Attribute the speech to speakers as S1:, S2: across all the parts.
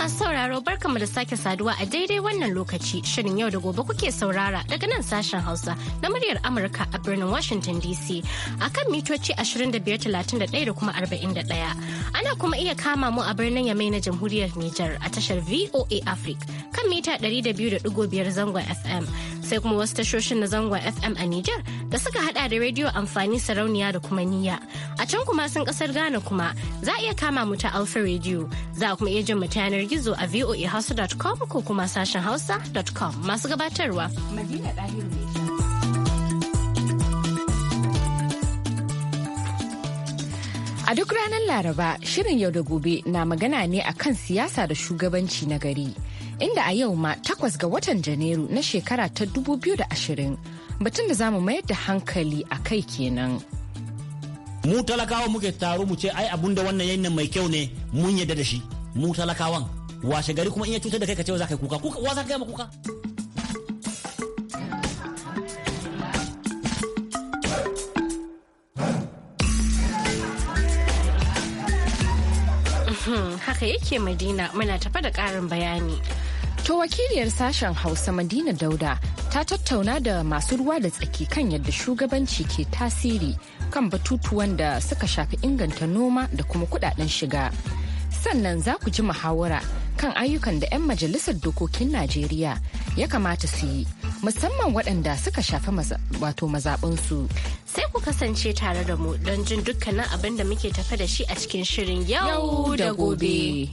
S1: masu sauraro barkamu da sake saduwa a daidai wannan lokaci shirin yau da gobe kuke saurara daga nan sashen Hausa na muryar Amurka a birnin Washington DC akan mitoci 2531 da kuma 41. Ana kuma iya kama mu a birnin Yamai na Jamhuriyar Nijar a tashar VOA Africa kan mita 200.5 zangon FM. sai kuma wasu tashoshin na zangon FM a Nijar da suka hada da rediyo amfani sarauniya da kuma niyya. A can kuma sun kasar Ghana kuma za a iya kama mu ta Alpha Radio za a kuma iya jin mu ta yanar gizo a voahouse.com ko kuma sashen hausa.com masu gabatarwa.
S2: A duk ranar Laraba, shirin yau da gobe na magana ne akan siyasa da shugabanci na gari. inda a yau ma takwas ga watan janairu na shekara ta 2020 batun da zamu mayar da hankali a kai kenan.
S3: mu talakawa muke taro mu ce ai abun da wannan yayin mai kyau ne mun yadda da shi mu talakawan washe gari kuma in ya cutar da kai ka ce za ka yi kuka kuka wa za ka yi kuka
S1: uhm, haka yake madina muna tafa da ƙarin bayani
S2: To wakiliyar sashen Hausa Madina Dauda ta tattauna da masu ruwa da tsaki kan yadda shugabanci ke tasiri kan batutuwan da suka shafi inganta noma da kuma kudaden shiga. Sannan za ku ji muhawara kan ayyukan da 'yan majalisar dokokin Najeriya ya kamata su yi musamman waɗanda suka shafi wato mazaɓinsu. Sai
S1: ku kasance tare da mu don jin dukkanin abin da muke tafe da shi a cikin shirin yau da gobe.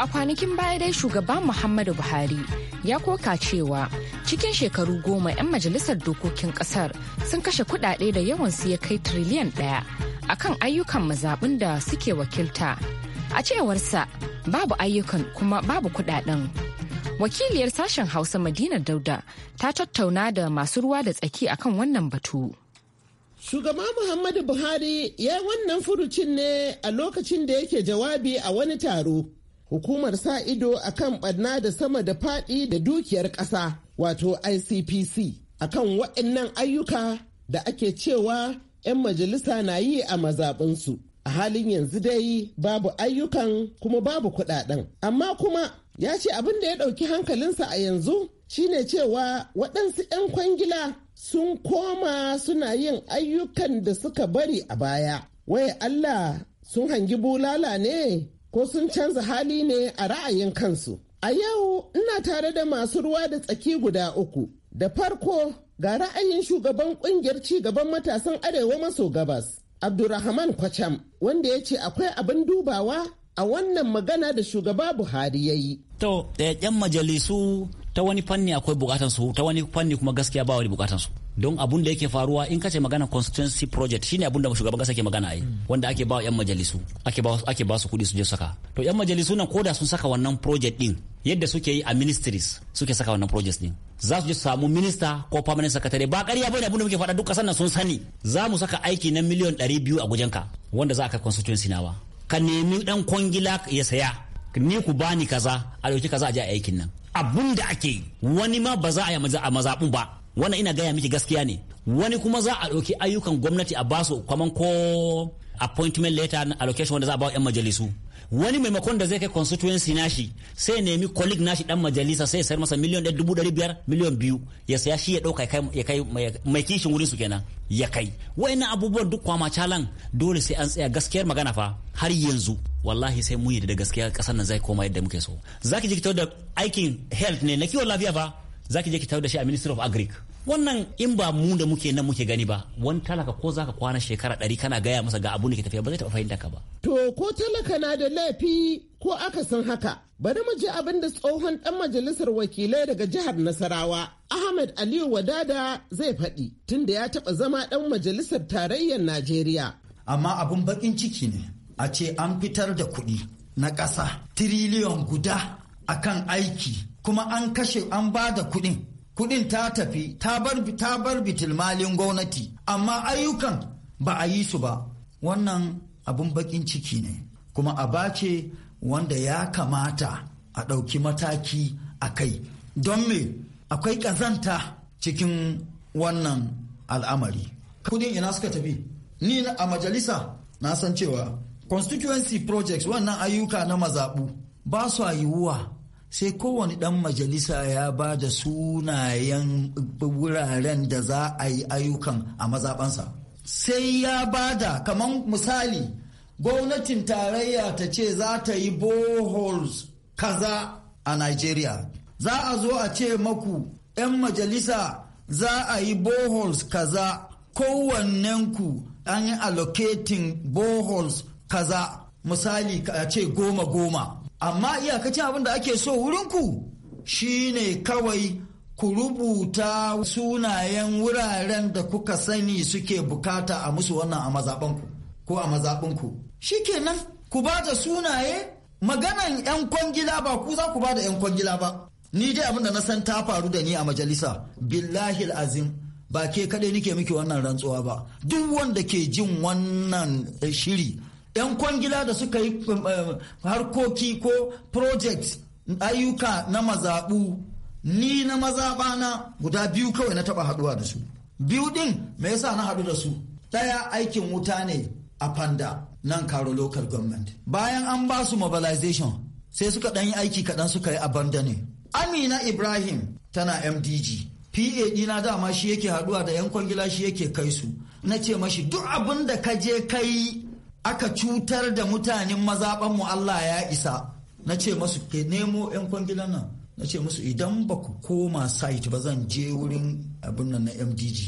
S2: a kwanakin baya dai shugaba Muhammadu Buhari ya koka cewa cikin shekaru goma 'yan majalisar dokokin kasar sun kashe kudade da yawansu ya kai triliyan daya akan ayyukan mazaɓin da suke wakilta. A cewarsa babu ayyukan kuma babu kudaden. Wakiliyar sashen Hausa Madina Dauda ta tattauna da masu ruwa da tsaki akan wannan batu.
S4: Shugaba Muhammadu Buhari ya yi wannan furucin ne a lokacin da yake jawabi a wani taro hukumar sa ido akan barna da sama da faɗi da dukiyar ƙasa wato icpc akan waɗannan ayyuka da ake cewa 'yan majalisa na yi a mazaɓinsu a halin yanzu dai babu ayyukan kuma babu kuɗaɗen amma kuma ya ce abin da ya ɗauki hankalinsa a yanzu shine cewa waɗansu 'yan kwangila sun koma suna yin ayyukan da suka bari a baya. Wai Allah sun hangi bulala ne ko sun canza hali ne a ra'ayin kansu. A yau ina tare da masu ruwa da tsaki guda uku. Da farko ga ra'ayin shugaban kungiyar ci gaban matasan arewa maso gabas, Abdurrahman Kwacham, wanda ya ce akwai abin dubawa a wannan magana da shugaba Buhari ya yi.
S3: To, ɗayan majalisu ta wani fanni akwai bukatansu, ta wani fanni kuma gaskiya ba wani bukatansu. don abun da yake faruwa in kace magana constituency project shine abun da shugaban kasa ke magana yi. Hmm. wanda ake ba yan majalisu ake ba ake ba su kudi su je saka to yan majalisu nan koda sun saka wannan project din yadda suke yi a ministries suke saka wannan project din za su je su samu minista ko permanent secretary ba ƙarya bane abun da muke faɗa duk ƙasar nan sun sani za mu saka aiki na miliyan 200 a gujenka wanda za a kai constituency nawa ka nemi dan kwangila ya saya ni ku bani kaza a dauki kaza a je aikin nan abun da ake wani ma ba za a yi a mazaɓu ba wannan ina gaya miki gaskiya ne wani kuma za a ɗauki ayyukan gwamnati a basu kaman ko appointment letter na allocation wanda za a ba 'yan majalisu wani maimakon da zai kai constituency nashi sai nemi colleague nashi dan majalisa sai ya sayar masa miliyan ɗaya dubu ɗari biyar miliyan biyu ya saya shi ya ɗauka ya kai mai kishin wurin su kenan ya kai na abubuwan duk kwama calan dole sai an tsaya gaskiyar magana fa har yanzu wallahi sai mun yi da gaskiya kasar nan zai koma yadda muke so zaki ji da aikin health ne na kiwon lafiya fa za ki je ki tawo da shi a ministry of agric wannan in ba mu da muke nan muke gani ba wani talaka ko za ka kwana shekara ɗari kana gaya masa ga abun da ke tafiya ba zai taɓa fahimta ka ba.
S4: to ko talaka na da laifi ko aka san haka bari mu je abin da tsohon ɗan majalisar wakilai daga jihar nasarawa ahmed aliyu wadada zai faɗi tunda ya taɓa zama ɗan
S5: majalisar tarayyar najeriya. amma abun baƙin ciki ne a ce an fitar da kuɗi na ƙasa tiriliyon guda akan aiki kuma an kashe an ba da kuɗin kuɗin ta tafi ta bar bitilmalin gwamnati amma ayyukan ba a yi su ba wannan abin bakin ciki ne kuma a bace wanda ya kamata a ɗauki mataki a kai don me akwai ƙazanta cikin wannan al'amari kudin ina suka tafi ni a majalisa na san cewa constituency projects wannan ayyuka na mazaɓu ba su yiwuwa sai kowane dan majalisa ya ba da sunayen wuraren da za a yi ayyukan a mazabansa sai ya ba da kamar misali gwamnatin tarayya ta ce za ta yi boholes kaza a nigeria za a zo a ce maku 'yan majalisa za a yi boholes kaza kowannenku an yi allocating boholes kaza misali a ce goma goma amma iyakacin abin da ake so wurinku shine kawai ku rubuta sunayen wuraren da kuka sani suke bukata a musu wannan a mazaɓanku ko a mazaɓinku nan ku ba da sunaye maganan 'yan kwangila ba ku za ku ba da 'yan kwangila ba ni dai abin da na san ta faru da ni a majalisa billahi azim ba ke kaɗai nike miki wannan rantsuwa ba duk wanda ke jin wannan shiri 'yan kwangila da suka yi um, um, harkoki ko project ayyuka na mazaɓu ni na mazaɓana guda biyu kawai na taɓa haɗuwa da su biyu ɗin me yasa na haɗu da su ɗaya aikin wuta ne a fanda nan karo local government bayan an ba su mobilization sai suka ɗan yi aiki kaɗan suka yi a ne. amina ibrahim tana mdg pa ɗina dama shi yake haɗuwa da 'yan kwangila shi yake kai su na ce mashi duk abin da ka je kai aka cutar da mutanen mazaɓanmu Allah ya isa na ce masu ke nemo 'yan kwangilan nan na ce musu idan ba ku koma site ba zan je wurin abin nan na mdg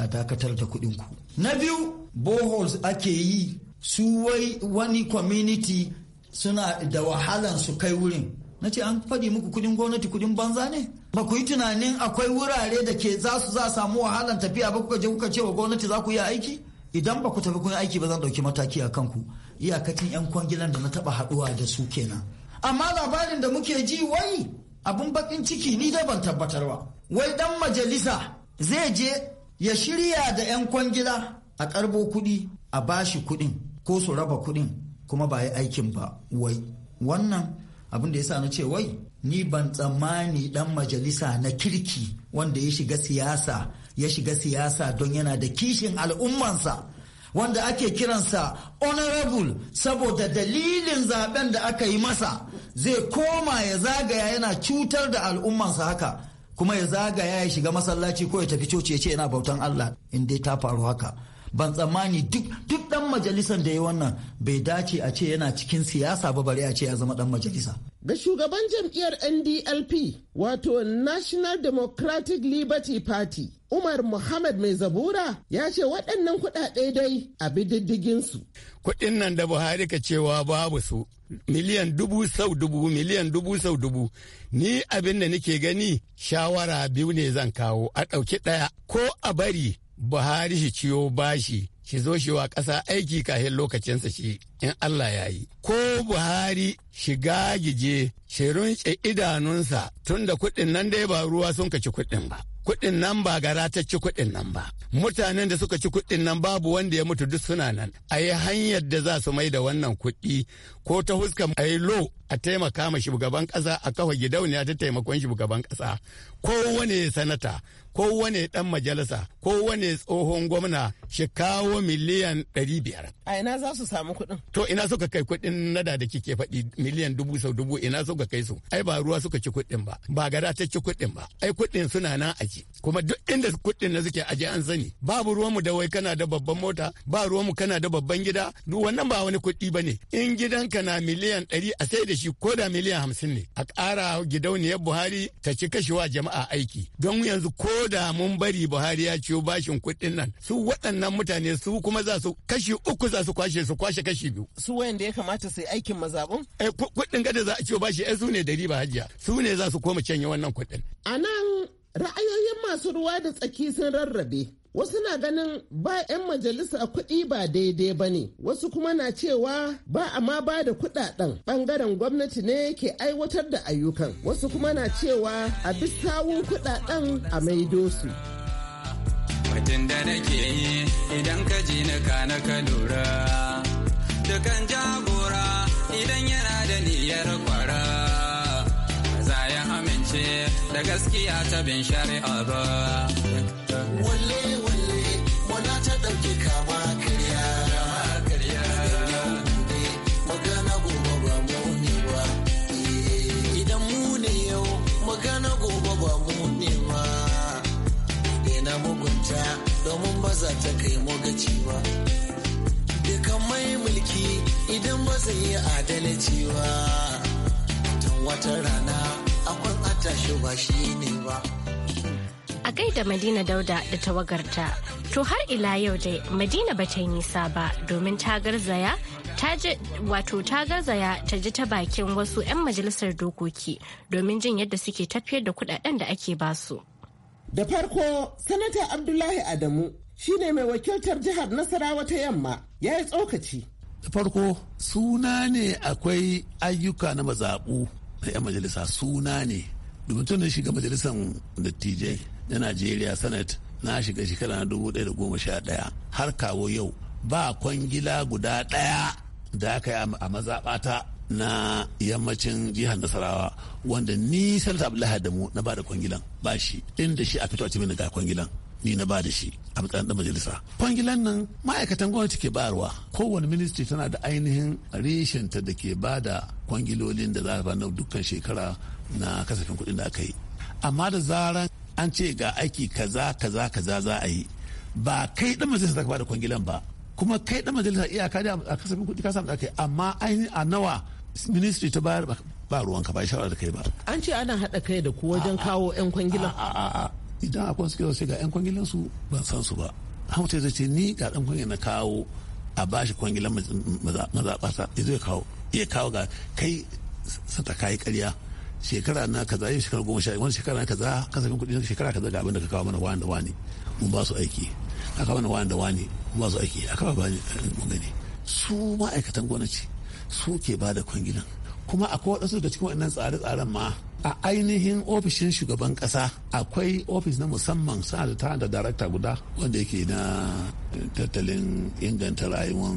S5: a dakatar da kudinku na biyu boholes ake yi su wai wani community suna da wahalan su kai wurin na ce an faɗi muku kudin gwamnati kudin banza ne ba ku yi tunanin akwai wurare da ke za su za samu wahalan tafiya ba kuka je kuka ce wa gwamnati za ku yi aiki idan ba ku tafi kun aiki ba zan dauki mataki a kanku iyakacin yan kwangilan da na taba haduwa da su kenan amma labarin da muke ji wai abun bakin ciki ni da ban tabbatar ba wai dan majalisa zai je ya shirya da yan kwangila a karbo kuɗi a bashi kuɗin ko su raba kuɗin kuma ba yi aikin ba wai wannan abin da ya sa na ce wai ni ban tsammani dan majalisa na kirki wanda ya shiga siyasa ya shiga siyasa don yana da kishin al'ummansa wanda ake kiransa honorable saboda dalilin zaben da aka yi masa zai koma ya zagaya yana cutar da al'ummansa haka kuma ya zagaya ya shiga masallaci ko ya tafi coci ya ce yana bautan Allah in dai ta faru haka ban tsammani duk duk dan majalisar da ya wannan bai dace a ce yana cikin siyasa ba bare a ce ya zama dan majalisa ga shugaban jam'iyyar NDLP wato
S4: National Democratic Liberty Party Umar Muhammad Mai Zabura ya ce waɗannan kuɗaɗe dai a bididdigin su.
S6: Kuɗin nan da Buhari ka cewa babu su miliyan dubu sau dubu miliyan dubu sau dubu ni abin da nake gani shawara biyu ne zan kawo a ɗauki ɗaya ko a bari buhari shi ciyo bashi shi zo shi wa ƙasa aiki kahin lokacinsa shi in Allah ya yi. Ko Buhari shiga gije shi runce idanunsa tun da kuɗin nan dai ba ruwa sun kaci kuɗin ba. Kuɗin nan ba ga ratacci kuɗin nan ba. Mutanen da suka ci kuɗin nan babu wanda ya mutu duk suna nan. A yi hanyar da za su mai da wannan kuɗi ko ta huskan a yi lo a taimaka ma shugaban kasa a kawai gidauniya ta taimakon shugaban kasa kowane sanata kowane dan majalisa kowane tsohon gwamna shi kawo miliyan 500
S4: a ina za su samu kuɗin
S6: to ina suka kai kuɗin nada da kike faɗi miliyan dubu sau dubu ina suka kai su ai ba ruwa suka ci kuɗin ba ba gada ta ci kuɗin ba ai kuɗin suna nan aji kuma duk inda kuɗin na suke aje an sani babu ruwanmu da wai kana da babban mota ba ruwanmu kana da babban gida duk wannan ba wani kuɗi bane in gidanka na miliyan 100 a sai da shi bashi ko da miliyan hamsin ne a ƙara gidauniyar buhari ta ci kashewa jama'a aiki don yanzu ko da mun bari buhari ya ciyo bashin kuɗin nan su waɗannan mutane su kuma za su kashi uku za su kwashe su kwashe kashi biyu
S4: su wayanda ya kamata su yi aikin
S6: mazaɓun eh, kuɗin gada za a ciyo bashi ai eh, su ne da riba hajiya su ne za su koma canye wannan kuɗin
S4: a nan ra'ayoyin masu ruwa da tsaki sun rarrabe Wasu na ganin ba 'yan majalisa kuɗi ba daidai ba ne, wasu kuma na cewa ba a ma ba da kuɗaɗen ɓangaren gwamnati ne ke aiwatar da ayyukan, wasu kuma na cewa a bi sawun kuɗaɗen a maido su.
S7: da nake yi idan ka ji ka na ka lura, dukan jagora idan yana da niyyar kwara. ya amince da gaskiya ta bin shari'a ba. domin ba za ta kai mogaci ba dukan mai mulki idan ba zai yi adalci ba tun wata rana akwai atashi ba shi ne ba
S1: a gaida madina dauda da tawagarta to har ila yau dai madina ba ta yi nisa ba domin ta garzaya wato ta garzaya ta ji ta bakin wasu 'yan majalisar dokoki domin jin yadda suke tafiyar da kudaden da ake basu.
S4: Da farko, Sanata Abdullahi Adamu shine mai wakiltar jihar Nasarawa ta yamma ya yi tsokaci. Da farko,
S8: suna ne akwai ayyuka na mazaɓu na 'yan majalisa suna ne. Domin tun da shiga majalisan dattijai na Najeriya Senate na shiga shekara na 2011 har kawo yau ba kwangila guda ɗaya da aka yi a mazaɓata na yammacin jihar nasarawa wanda ni sanata abdullahi da mu na ba da kwangilan ba shi inda shi a fito a cikin ga kwangilan ni na ba da shi a matsayin da majalisa kwangilan nan ma'aikatan gwamnati ke bayarwa kowane ministry tana da ainihin ta da ke ba da kwangilolin da za a na dukkan shekara na kasafin kuɗin da aka yi amma da zaran an ce ga aiki kaza kaza kaza za a yi ba kai dan majalisa ka ba da kwangilan ba kuma kai dan majalisa iyaka da a kasafin kuɗi ka samu aka yi amma ainihin a nawa ministry ta bayar ba ruwanka ba shawara da kai ba
S4: an ce ana haɗa kai da ku wajen kawo 'yan
S8: kwangilan a a idan akwai suke sai ga 'yan kwangilan su ban san su ba hamta zai ce ni ga dan kwangilan na kawo a bashi kwangilan mazaɓata ya zai kawo iya kawo ga kai sata kayi karya shekara na kaza yau shekara goma sha wani shekara na kaza kasafin kuɗi shekara kaza ga abin da ka kawo mana wani da wani mun ba su aiki aka mana wani da wani mun ba su aiki aka ba mu gani su ma'aikatan gwamnati su ke ba da kwangilan kuma akwai waɗansu daga cikin waɗannan tsare-tsaren ma a ainihin ofishin shugaban ƙasa akwai ofis na musamman sa da darakta guda wanda yake na tattalin inganta rayuwar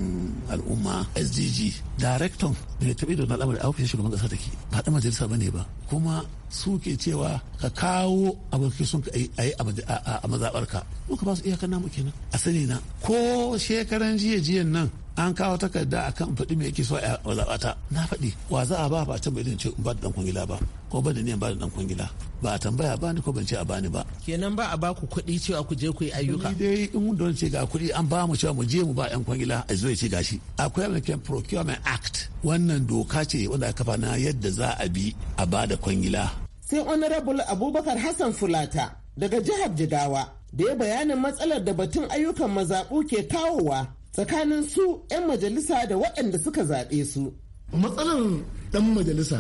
S8: al'umma sdg darekton da ya taɓi da al'amari a ofishin shugaban ƙasa take ba ɗan majalisa ba ne ba kuma su ke cewa ka kawo abokin sun ka yi a mazaɓarka muka ba su kan namu kenan a sani na ko shekaran jiya jiyan nan an kawo takarda a kan faɗi mai yake so a zaɓata na faɗi wa za a ba ba ta bai ce ba da ɗan kwangila ba ko ba da niyan ba da ɗan kwangila ba a tambaya ba ni ko ban ce a bani ba kenan ba a ba ku kuɗi cewa ku je ku yi ayyuka ni dai in don ce ga kuɗi kudi an ba mu cewa mu je mu ba yan kwangila a zo ya ci gashi akwai American Procurement Act wannan doka ce wanda aka kafa na yadda za a bi a ba da kwangila
S4: sai honorable Abubakar Hassan Fulata daga jihar Jigawa da ya bayanin matsalar da batun ayyukan mazaɓu
S9: ke kawowa tsakanin su 'yan majalisa da waɗanda suka zaɓe su. Matsalar ɗan majalisa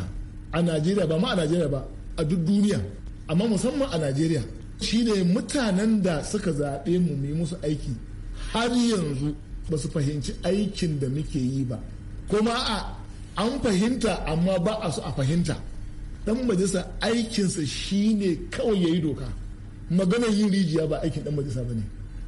S9: a Najeriya ba ma a Najeriya ba a duk duniya amma musamman a Najeriya shine mutanen da suka zaɓe mu mu musu aiki har yanzu ba su fahimci aikin da muke yi ba kuma a an fahimta amma ba a su a fahimta dan majalisa aikinsa shine kawai ya yi doka magana yin rijiya ba aikin dan majalisa ba ne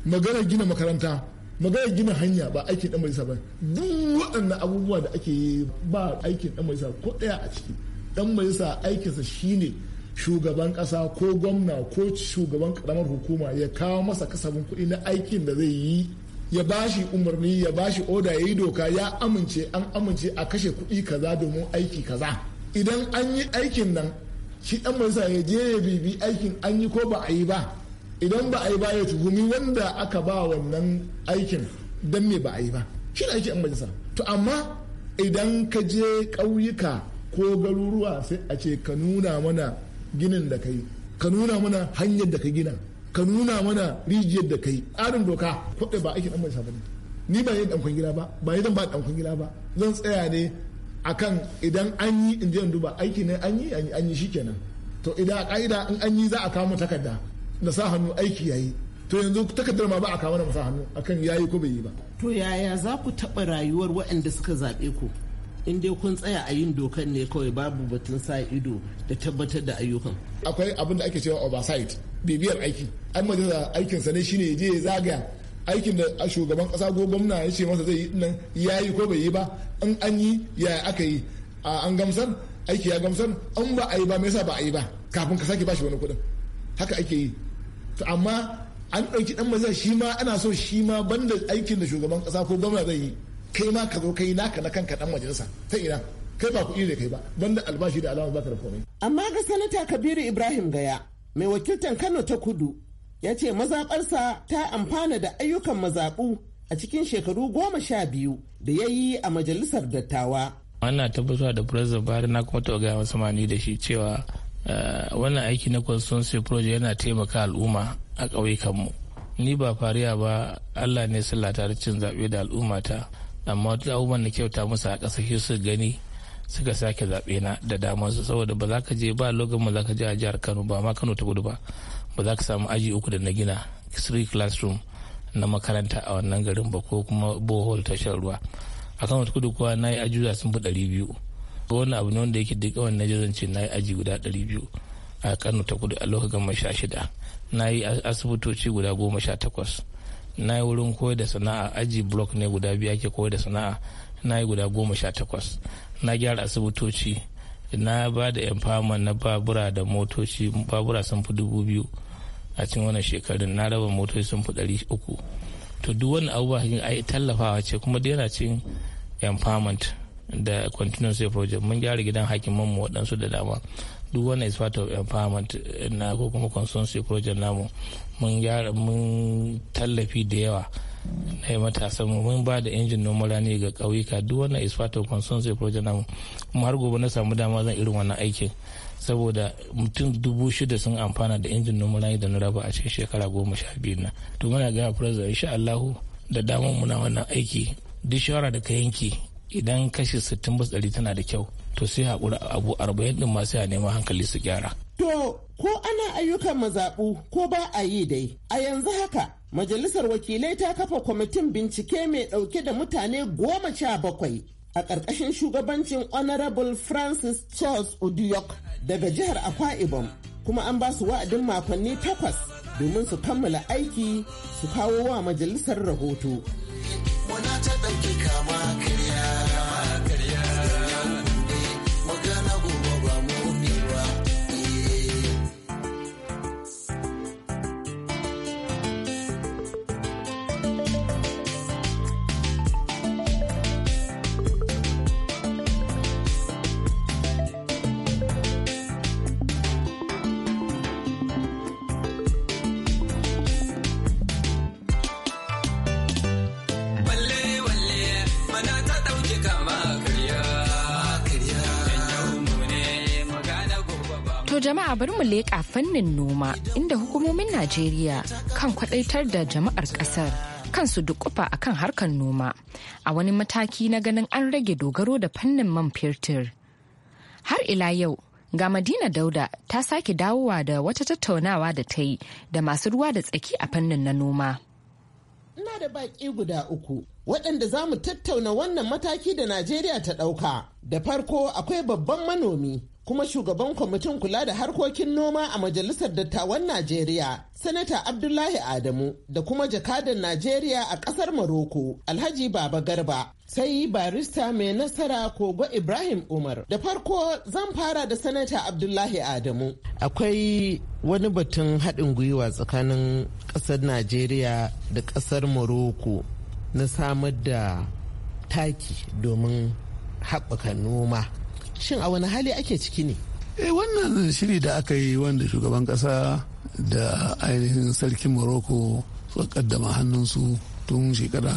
S9: magana gina makaranta magana gina hanya ba aikin dan majalisa ba duk waɗannan abubuwa da ake yi ba aikin dan majalisa ko ɗaya a ciki dan majalisa aikinsa shine shugaban kasa ko gwamna ko shugaban karamar hukuma ya kawo masa kasafin kuɗi na aikin da zai yi ya bashi umarni ya bashi oda ya yi doka ya amince an amince a kashe kuɗi kaza domin aiki kaza idan an yi aikin nan shi dan majalisa ya je ya bibi aikin an yi ko ba a yi ba idan ba a yi ba ya tuhumi wanda aka ba wannan aikin dan me ba a yi ba shi da aikin majalisa to amma idan ka je ƙauyuka ko garuruwa sai a ce ka nuna mana ginin da kai ka nuna mana hanyar da ka gina ka nuna mana rijiyar da kai tsarin doka kwaɗe ba aikin amurka ba ne ni ba yi ɗankon gida ba ba yi zan ba ɗankon gida ba zan tsaya ne akan idan an yi in je duba aiki ne an yi an yi shikenan to idan a ƙa'ida in an yi za a kama takarda na sa hannu aiki yayi to yanzu takardar ma ba a kama na masa hannu akan yayi ko bai yi ba
S4: to yaya za ku taɓa rayuwar waɗanda suka zaɓe ku in dai kun tsaya
S9: a yin dokan ne kawai babu batun sa ido da tabbatar da ayyukan akwai abin da ake cewa oversight bibiyar aiki an majalisa aikin sa ne shine je ya zagaya aikin da shugaban kasa ko gwamna ya ce masa zai yi nan ya yi ko bai yi ba in an yi ya aka yi an gamsar aiki ya gamsar an ba a yi ba me yasa ba a yi ba kafin ka sake bashi wani kuɗin haka ake yi to amma an ɗauki ɗan majalisa shi ma ana so shi ma banda aikin da shugaban kasa ko gwamna zai yi kai ma ka zo kai naka na kanka dan majalisa ta ina kai ba kuɗi da kai ba banda albashi da alama ba ka da komai. amma ga sanata kabiru ibrahim gaya
S4: mai wakiltar kano ta kudu ya ce mazaɓarsa ta amfana da ayyukan mazaɓu a cikin shekaru goma sha biyu da ya yi a majalisar dattawa.
S10: ana tabbatar da president bari na kuma ta gaya masa mani da shi cewa eh, wannan aiki na constituency project yana taimaka al'umma a ƙauyukanmu ni ba fariya ba allah ne sallata da cin zaɓe da al'ummata amma duk abubuwan da kyauta musu a ƙasa shi su gani suka sake zaɓe na da damar su saboda ba za ka je ba logan ba za ka je a jihar kano ba ma kano ta gudu ba ba za ka samu aji uku da na gina three classroom na makaranta a wannan garin ba ko kuma bohol tashar ruwa a kano ta gudu kuwa na yi ajuza sun fi ɗari biyu wani abu ne wanda yake duk wannan ce na yi aji guda ɗari biyu a kano ta gudu a lokacin ma sha shida na yi asibitoci guda goma sha takwas na yi wurin koyar da sana'a aji block ne guda biyu ake koyar da sana'a na yi guda goma sha takwas na gyara asibitoci na ba da empowerment na babura da motoci babura sun fi dubu biyu a cikin wannan shekarun na raba motoci sun fi ɗari uku to duk wani abubuwa ai tallafawa ce kuma da yana cikin empowerment da continuous project mun gyara gidan hakiman mu waɗansu da dama duk wannan is part of empowerment na ko kuma consultancy project namu mun gyara mun tallafi da yawa na matasa mun ba da injin noma rani ga ƙauyuka duk wannan is part of sai project namu kuma har gobe na samu dama zan irin wannan aikin saboda mutum dubu shida sun amfana da injin noma rani da na raba a cikin shekara goma sha biyu na to muna ga president insha Allahu da damar muna wannan aiki duk shawara da ka yanke idan kashi sittin bas ɗari tana da kyau to sai haƙura abu arba'in din ma sai a nema hankali su gyara.
S4: To ko ana ayyukan mazaɓu ko ba a yi dai a yanzu haka majalisar wakilai ta kafa kwamitin bincike mai ɗauke da mutane goma sha bakwai a ƙarƙashin shugabancin honorable francis charles udiok daga jihar akwa ibom kuma an ba su wa'adin makonni takwas domin su kammala aiki su kawo wa majalisar rahoto.
S7: Wana ta ɗauki kama
S2: a bar mu leƙa fannin noma inda hukumomin Najeriya kan kwadaitar da jama'ar ƙasar kansu a kan harkar noma a wani mataki na ganin an rage dogaro da fannin man fetur. Har ila yau ga Madina Dauda ta sake dawowa da wata tattaunawa da ta yi da masu ruwa da tsaki a fannin na noma.
S4: Ina da baƙi
S2: guda uku
S4: waɗanda za mu tattauna wannan mataki da Najeriya ta ɗauka. Da farko akwai babban manomi kuma shugaban kwamitin kula da harkokin noma a majalisar dattawan Najeriya, Sanata Abdullahi Adamu da kuma jakadan Najeriya a ƙasar Maroko, Alhaji Baba Garba. Sai barista mai nasara Kogo Ibrahim Umar. Da farko zan fara da Sanata Abdullahi Adamu. Akwai wani batun haɗin gwiwa tsakanin ƙasar Najeriya da ƙasar Maroko na samar da taki domin haɓaka noma shin a wani hali ake ciki ne
S8: eh wannan shiri da aka yi wanda shugaban kasa da ainihin sarkin morocco suka kaddama hannunsu tun shekara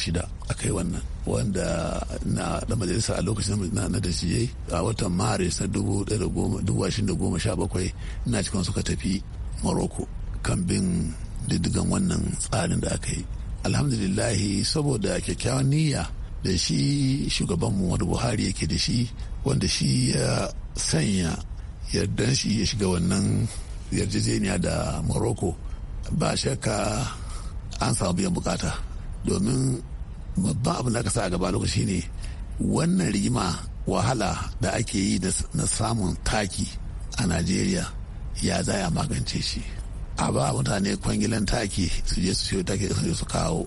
S8: shida a kai wannan wanda na da majalisa a lokacin na da shiye a watan maris na 2017 na cikin suka tafi morocco kan bin diddigan wannan tsarin da aka yi alhamdulillahi saboda kyakkyawan niyya da shi shugaban wani buhari yake da shi wanda shi ya sanya yardan shi ya shiga wannan yarjejeniya da morocco ba shakka an samu biyan bukata domin babban abin da aka sa a gaba lokaci ne wannan rigima wahala da ake yi na samun taki a najeriya ya zaya magance shi a ba mutane kwangilan taki su je su siyo taki su kawo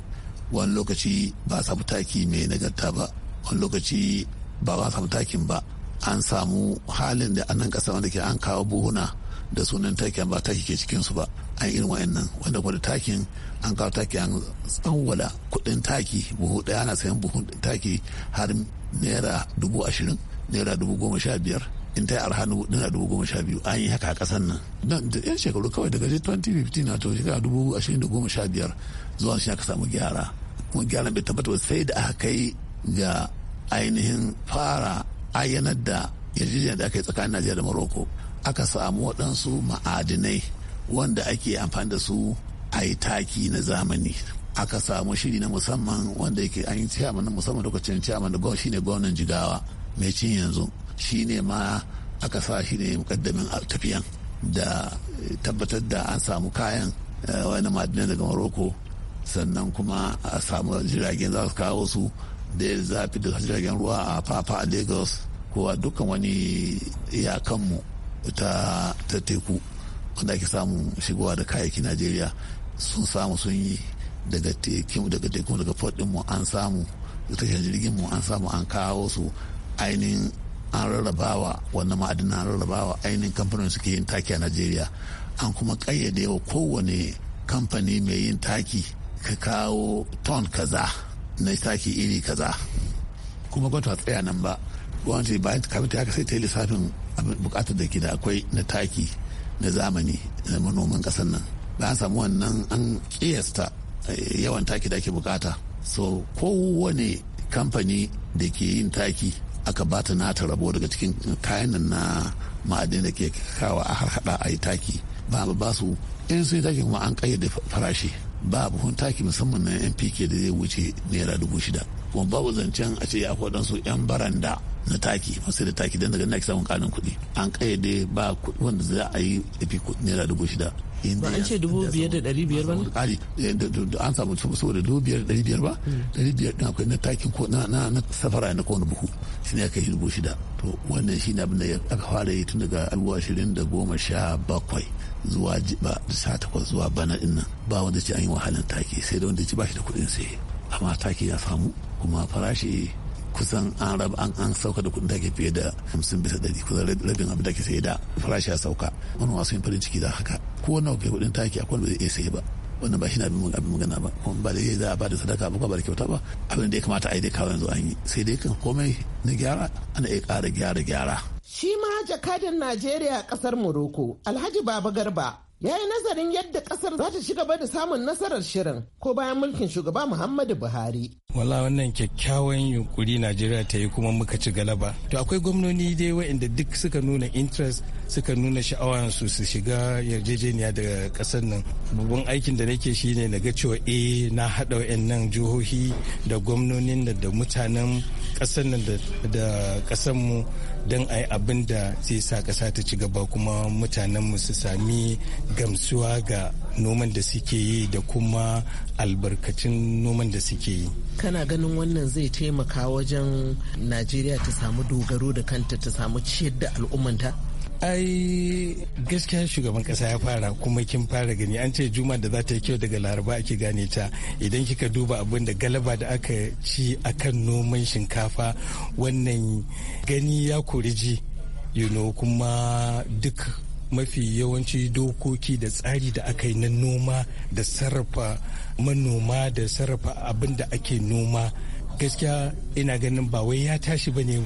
S8: wani lokaci ba a samu taki mai nagarta ba wani lokaci ba ba samu takin ba an samu halin da anan kasa wanda ke an kawo buhuna da sunan takin ba taki ke cikinsu ba an irin wayannan wanda kuma takin an kawo taki an tsawwala kudin taki buhu daya ana sayan buhun taki har naira dubu ashirin naira dubu goma sha biyar in ta yi arha naira dubu goma sha biyu an yi haka a kasan nan dan da yan shekaru kawai daga 2015 na to shekara dubu ashirin da goma sha biyar zuwa shi aka samu gyara Kungiyar gyara bai tabbatar sai da aka kai ga ainihin fara ayyanar da yarjejeniyar da aka yi tsakanin najeriya da morocco aka samu waɗansu ma'adinai wanda ake amfani da su a yi taki na zamani aka samu shiri na musamman wanda yake an yi na musamman lokacin ciyaman da gwamnati shine gwamnan jigawa mai cin yanzu shine ma aka sa shi ne mukaddamin tafiyan da tabbatar da an samu kayan eh, wani ma'adinai daga morocco sannan kuma a samu jiragen za su kawo su da zafi da jiragen ruwa a fafa a lagos ko a dukkan wani iyakanmu ta teku wanda ake samun shigowa da kayayyaki najeriya sun samu sun yi daga tekinmu daga teku daga an samu tashin jirgin mu an samu an kawo su ainihin an rarrabawa wannan ma'adina an rarrabawa ainihin kamfanin suke yin taki a najeriya an kuma kayyade wa kowane kamfani mai yin taki ka kawo ton kaza na taki iri kaza kuma gwata ba tsaya nan ba gwamnati ba kafin ta haka sai ta yi lissafin bukatar da ke da akwai na taki na zamani na manoman kasar nan an samu wannan an kiyasta eh, yawan taki da ake bukata so kowane kamfani da ke yin taki aka ba ta nata rabo daga cikin kayan na ma'adin da ke kawo a harhaɗa a yi taki ba ba su in sun yi taki kuma an kayyade farashi ba buhun taki musamman na npk da zai wuce naira dubu shida kuma babu zancen a ce ya su yan baranda na taki masu da taki don daga na samun kanin kuɗi an kayyade ba kuɗi wanda za a yi fi naira dubu shida ba an ce dubu biyar da ɗari biyar ba ne? Eh, an samu saboda dubu biyar da ɗari biyar ba hmm. ɗari biyar ɗin akwai na takin ko na safara na kowane buhu shi ne aka yi dubu shida to wannan shi ne abin da aka fara yi tun daga alwashirin da goma sha bakwai zuwa ba ta takwas zuwa bana din nan ba wanda ce an yi wahalan taki sai da wanda ce ba shi da kuɗin sai amma taki ya samu kuma farashi kusan an raba an an sauka da kuɗin take fiye da hamsin bisa ɗari kusan rabin abin da ke sai da farashi ya sauka wani wasu farin ciki da haka ko wani kai kuɗin taki akwai wanda zai iya sai ba wannan ba shi na abin magana ba kuma ba da zai za a ba da sadaka ba ba da kyauta ba abin da ya kamata a yi dai kawai yanzu an yi sai dai kan komai na gyara ana iya ƙara gyara gyara
S4: Shi ma jakadin Najeriya kasar Morocco, Alhaji Baba Garba, ya yi nazarin yadda kasar za ta ci gaba da samun nasarar shirin ko bayan mulkin shugaba muhammadu buhari
S11: wala wannan kyakkyawan yunkuri najeriya ta yi kuma muka ci galaba to akwai gwamnoni dai wa'inda duk suka nuna interest suka nuna sha'awar su su shiga yarjejeniya da kasar nan babban aikin da nake shine na ga cewa eh na haɗa nan jihohi da gwamnonin da mutanen kasar nan da kasar mu don a yi abin da zai sa ƙasa ta ci gaba kuma mutanenmu su sami gamsuwa ga noman da suke yi da kuma albarkacin noman da suke yi.
S4: Kana ganin wannan zai taimaka wajen Najeriya ta samu
S11: dogaro da kanta ta samu ciyar da al'ummanta? ai gaskiya shugaban kasa ya fara kuma kin fara gani an ce juma da za ta yi kyau daga laraba ake gane ta idan kika duba abin da galaba da aka ci akan noman shinkafa wannan gani ya kuriji you know kuma duk mafi yawanci dokoki da tsari da aka yi na noma da sarrafa manoma da sarrafa abin da ake noma gaskiya ina ganin ba wai ya tashi ba ne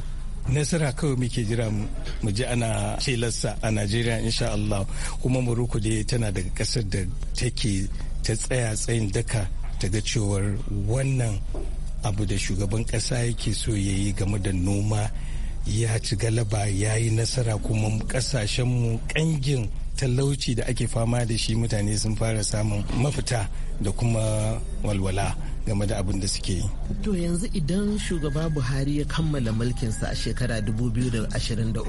S11: nasara kawai muke jira mu ji ana shelarsa a najeriya insha allah kuma maroko dai tana daga kasar da take ta tsaya tsayin daka ta ga cewar wannan abu da shugaban kasa yake so ya yi game da noma ya ci galaba ya yi nasara kuma kasashenmu kangin talauci da ake fama da shi mutane sun fara samun mafita da kuma walwala game da abin da suke yi.
S4: To yanzu idan shugaba Buhari ya kammala mulkinsa a shekara 2023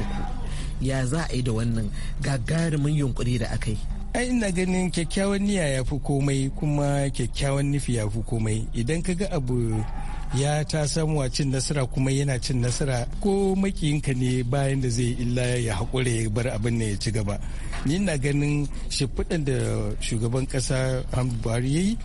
S4: ya za a yi da wannan gagarumin yunkuri da aka yi.
S11: ai ina ganin kyakkyawan niyya ya fi komai kuma kyakkyawan nufi ya fi komai idan ka ga abu ya ta samuwa cin nasara kuma yana cin nasara ko makiyinka ne bayan da zai illa ya haƙura ya bar abin ne ya ci gaba ni ina ganin shimfiɗan da shugaban ƙasa buhari ya yi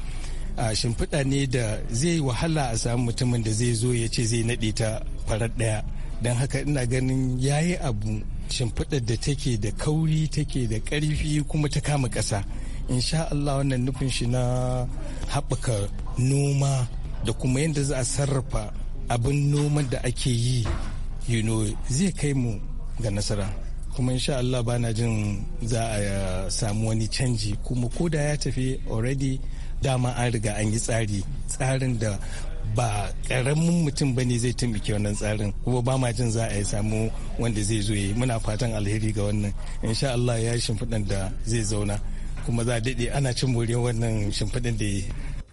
S11: a shimfiɗa ne da zai wahala a samu mutumin da zai zo ya ce zai naɗe ta farar ɗaya don haka ina ganin ya yi abu shimfiɗar da take da kauri take da ƙarfi kuma ta kama ƙasa insha Allah wannan nufin shi na haɓaka noma da kuma yadda za a sarrafa abin noma da ake yi you zai kai mu ga nasara kuma insha Allah bana jin za a samu wani canji kuma ko da ya tafi already dama an riga an yi tsari tsarin da ba karamin mutum ba ne zai taimake wannan tsarin kuma ba ma jin za a yi samu wanda zai zo yi muna fatan alheri ga wannan insha Allah ya shimfiɗan da zai zauna kuma za a daɗe ana cin moriyar wannan shimfiɗin da ya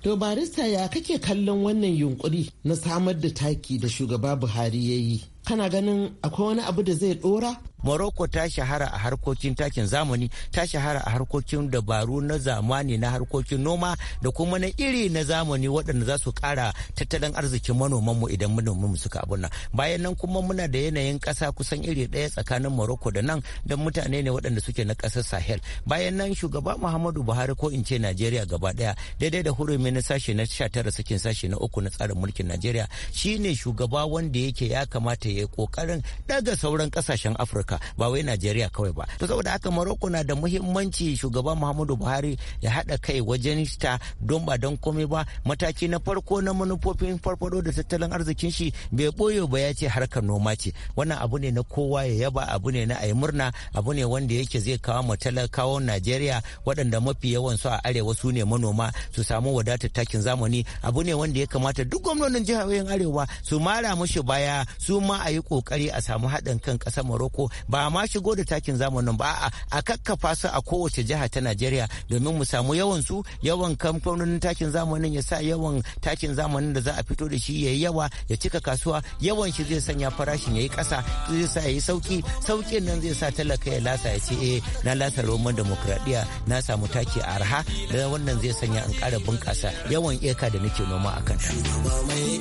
S4: To barista ya kake kallon wannan yunkuri na samar da taki da shugaba Buhari ya yi? kana
S12: ganin akwai wani abu da zai dora Morocco ta shahara a harkokin takin zamani ta shahara a harkokin dabaru na zamani na harkokin noma da kuma na iri na zamani waɗanda za su ƙara tattalin arzikin manomanmu idan manomanmu suka abunna bayan nan kuma muna da yanayin ƙasa kusan iri ɗaya tsakanin Morocco da nan da mutane ne waɗanda suke na ƙasar Sahel bayan nan shugaba Muhammadu Buhari ko in ce Najeriya gaba ɗaya daidai da hurumi na sashe na 19 sakin sashe na uku na tsarin mulkin Najeriya shine shugaba wanda yake ya kamata ce ya kokarin daga sauran kasashen afirka ba wai najeriya kawai ba to saboda haka maroko na da
S7: muhimmanci
S12: shugaban muhammadu buhari ya haɗa kai wajen ta don ba don komai ba mataki na farko na manufofin farfado da tattalin arzikin shi bai boye ba ya ce harkar noma ce wannan abu ne na kowa ya yaba abu ne na ayi murna abu ne wanda yake zai kawo ma talakawan najeriya waɗanda mafi yawan su a arewa su ne manoma su samu wadatar takin zamani abu ne wanda ya kamata duk gwamnonin jihar arewa su mara mushi baya su ma a yi kokari a samu haɗin kan ƙasar Morocco ba ma shigo da takin zamanin ba a a kakkafa su a kowace jiha ta Najeriya domin mu samu yawan su yawan kamfanonin takin zamanin ya sa yawan takin zamanin da za a fito da shi yayi yawa ya cika kasuwa yawan shi zai sanya farashin yayi ƙasa zai sa yayi sauki saukin nan zai sa talaka ya lasa ya ce eh na lasa roman demokradiya na samu taki a arha da wannan zai sanya an ƙara bunƙasa yawan eka da nake noma akan. Shugaba
S7: mai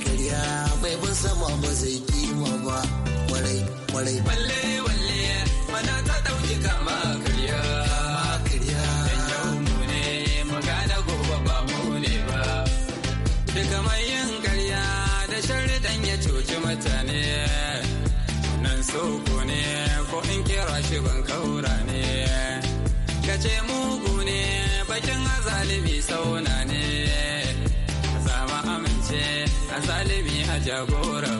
S7: sama ba zai ba kwarai kwarai balle balle mana ta dauki kama kariya karya dan yau mu ne magana gobe ba mu ne ba daga mai yin kariya da dan ya cuci mutane nan ko ne ko in kira shi ban kaura ne kace mugu ne bakin azalimi sauna ne zama amince azalimi a jagorar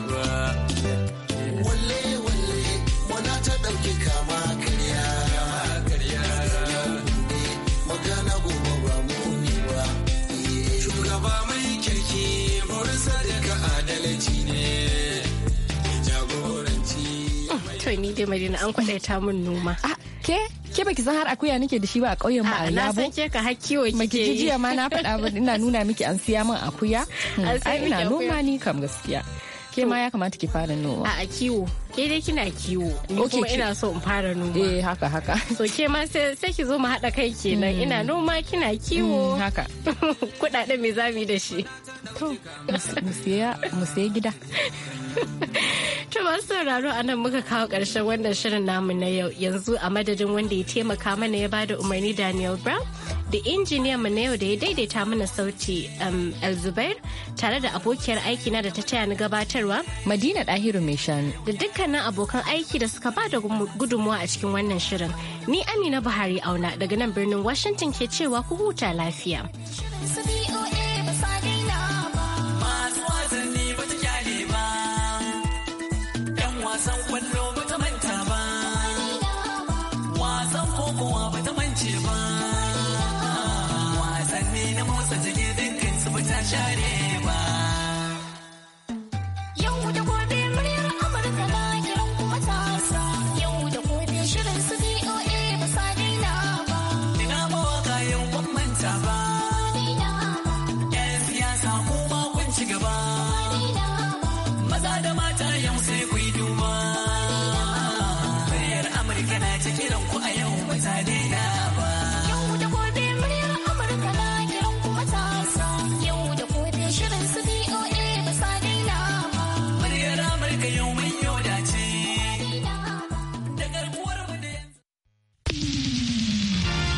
S1: to ni dai madina an kwadaita min noma ah, ke ke baki san har akuya nake da shi
S2: ba a ƙauyen mu a yabo ah, na san ke
S1: ka har kiwo kike yi jiya ma na faɗa
S2: ba ina nuna miki an siya min akuya hmm, ai ina noma ni kam gaskiya ke ma ya kamata ki fara noma ah, a kiwo
S1: ke dai kina kiwo ni kuma ina so in fara noma eh haka haka so ke ma sai ki zo mu haɗa kai kenan ina hmm. noma kina kiwo hmm, haka kuɗaɗen me mu yi da shi to mu siya gida To masu sauraro a nan muka kawo ƙarshen wannan shirin namu na yau yanzu a madadin wanda ya taimaka mana ya bada umarni Daniel Brown da injiniyan mu na yau da ya daidaita mana sauti um, Elzubair tare da abokiyar aiki na da ta taya ni gabatarwa. Madina Dahiru mai shanu. Da dukkanin abokan aiki da suka bada gudunmuwa a cikin wannan shirin. Ni Amina Buhari Auna daga nan birnin Washington ke cewa ku huta lafiya.